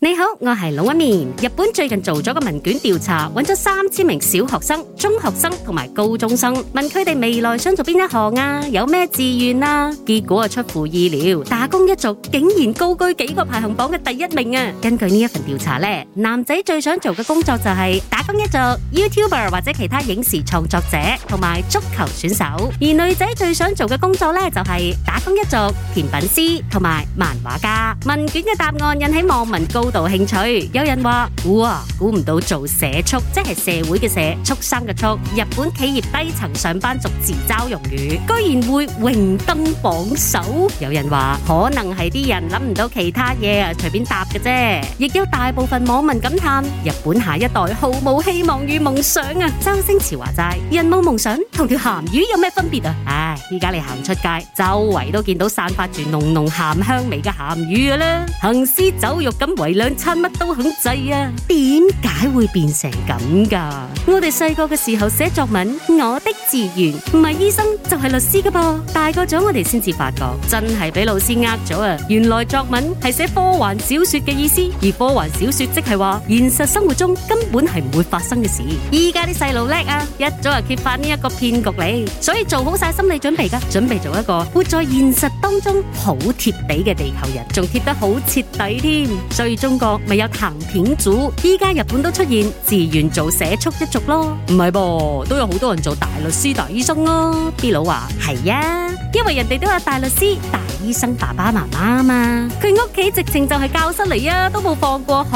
你好，我係龍紋敏。日本最近做咗個問卷調查，搵咗三千名小學生、中學生同埋高中生，問佢哋未來想做邊一行啊，有咩志願啊？結果啊出乎意料，打工一族竟然高居幾個排行榜嘅第一名啊！根據呢一份調查咧，男仔最想做嘅工作就係打工一族、YouTuber 或者其他影視創作者同埋足球選手，而女仔最想做嘅工作呢，就係打工一族、甜品師同埋漫畫家。問卷嘅答案引起網民高。輔導興趣，有人話哇，估唔到做社畜，即係社會嘅社、畜生嘅畜。日本企業低層上班族自嘲用語，居然會榮登榜首。有人話可能係啲人諗唔到其他嘢啊，隨便答嘅啫。亦有大部分網民感嘆：日本下一代毫無希望與夢想啊！周星馳話齋，人冇夢想同條鹹魚有咩分別啊？唉，依家你行出街，周圍都見到散發住濃濃鹹香味嘅鹹魚嘅啦，行屍走肉咁為兩餐乜都肯制啊？點解會變成咁噶？我哋細個嘅時候寫作文，我的志願唔係醫生就係、是、律師噶噃。大個咗我哋先至發覺，真係俾老師呃咗啊！原來作文係寫科幻小說嘅意思，而科幻小說即係話現實生活中根本係唔會發生嘅事。依家啲細路叻啊，一早就揭發呢一個騙局嚟，所以做好晒心理準備噶準備做一個活在現實當中好貼地嘅地球人，仲貼得好徹底添，最終。中國咪有躺平族，依家日本都出現自願做社畜一族咯，唔係噃都有好多人做大律師大醫生咯。B 佬話係啊，因為人哋都有大律師大醫生爸爸媽媽嘛，佢屋企直情就係教室嚟啊，都冇放過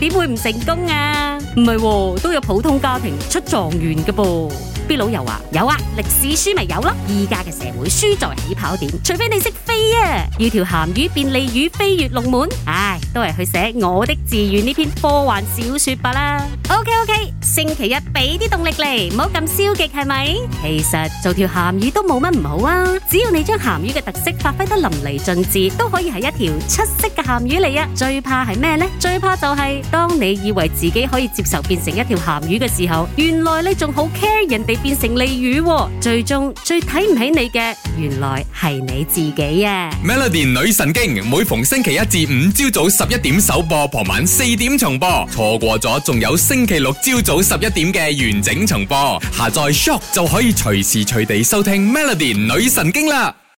學，點會唔成功啊？唔係、哦，都有普通家庭出狀元噶噃。b 老 l l 又話有啊，歷、啊、史書咪有咯。依家嘅社會，輸在起跑點，除非你識飛啊。要條鹹魚變鯉魚，飛越龍門。唉、哎，都係去寫我的志願呢篇科幻小說吧啦。OK OK，星期日俾啲動力嚟，唔好咁消極係咪？其實做條鹹魚都冇乜唔好啊，只要你將鹹魚嘅特色發揮得淋漓盡致，都可以係一條出色嘅鹹魚嚟啊。最怕係咩呢？最怕就係、是、當你以為自己可以接。就變成一條鹹魚嘅時候，原來你仲好 care 人哋變成利魚、啊，最終最睇唔起你嘅，原來係你自己啊！Melody 女神經，每逢星期一至五朝早十一點首播，傍晚四點重播，錯過咗仲有星期六朝早十一點嘅完整重播，下載 Shock 就可以隨時隨地收聽 Melody 女神經啦。